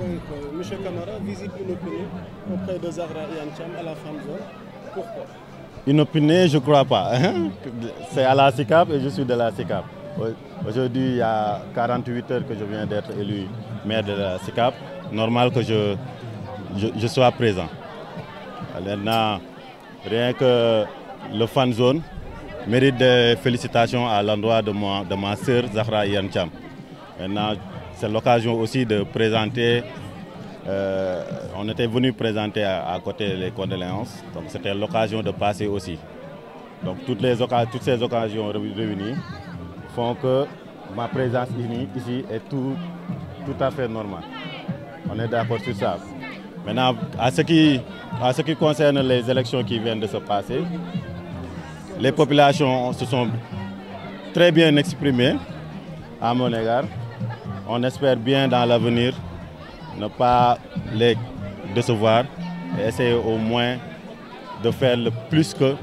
Donc, euh, Monsieur Camara visite inopinée auprès je ne crois pas. C'est à la CICAP et je suis de la CICAP. Aujourd'hui, il y a 48 heures que je viens d'être élu maire de la CICAP. Normal que je, je, je sois présent. Maintenant, rien que le fan zone mérite des félicitations à l'endroit de, moi, de ma sœur Zahra Maintenant, c'est l'occasion aussi de présenter euh, on était venu présenter à, côté les condoléances donc c'était l'occasion de passer aussi donc toutes les toutes ces occasions réunies font que ma présence ici est tout tout à fait normale on est d'accord sur ça maintenant à ce qui à ce qui concerne les élections qui viennent de se passer les populations se sont très bien exprimées à mon égard on espère bien dans l'avenir ne pas les décevoir et essayer au moins de faire le plus que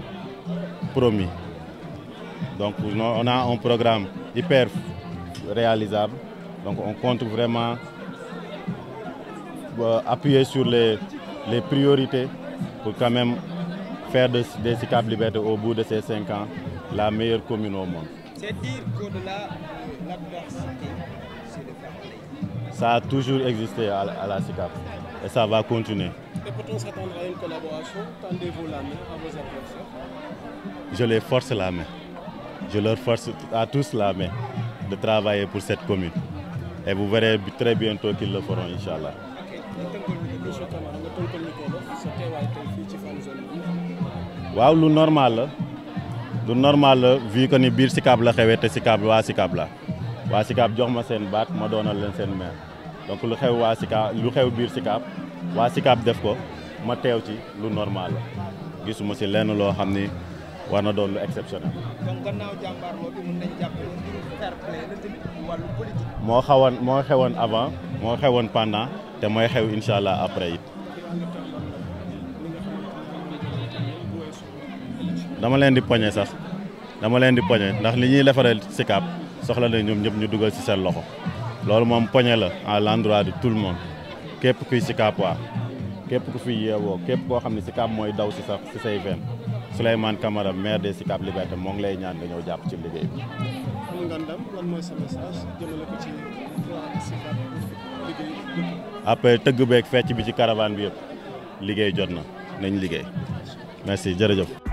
promis. Donc on a un programme hyper réalisable. Donc on compte vraiment euh, appuyer sur les, les priorités pour quand même faire de, des SICAP Liberté au bout de ces cinq ans la meilleure commune au monde. Ça a toujours existé à, à la SICAP et ça va continuer. Et peut-on s'attendre à une collaboration? Tendez-vous la main à vos adversaires? Je les force la main. Je leur force à tous la main de travailler pour cette commune. Et vous verrez très bientôt qu'ils le feront, inchallah. waaw lu normal la lu normal la vu que ni biir Sicap la xewee te Sicap waa Sicap la waa Sicap jox ma seen baat ma doonal leen seen maire donc lu xew waa Sicap lu xew biir Sicap waa Sicap def ko ma teew ci lu normal gisuma si lenn loo xam ni war na doon lu exceptionnel. moo xawoon moo xewoon avant moo xewoon pendant te mooy xew incha allah après it. dama leen di poñe sax dama leen di poñe ndax li ñuy defaral Sicap soxla na ñoom ñëpp ñu dugal si seen loxo loolu moom poñe la à l'endroit de tout le monde képp kuy Sicap waa képp ku fi yeewoo képp koo xam ne Sicap mooy daw si sax si say fen Souleymane Camara maire de Sicap Liberté moo ngi lay ñaan nga ñëw jàpp ci liggéey bi. am nga ndam lan ci bi. ci caravane bi yëpp liggéey jot na nañ liggéey merci jërëjëf.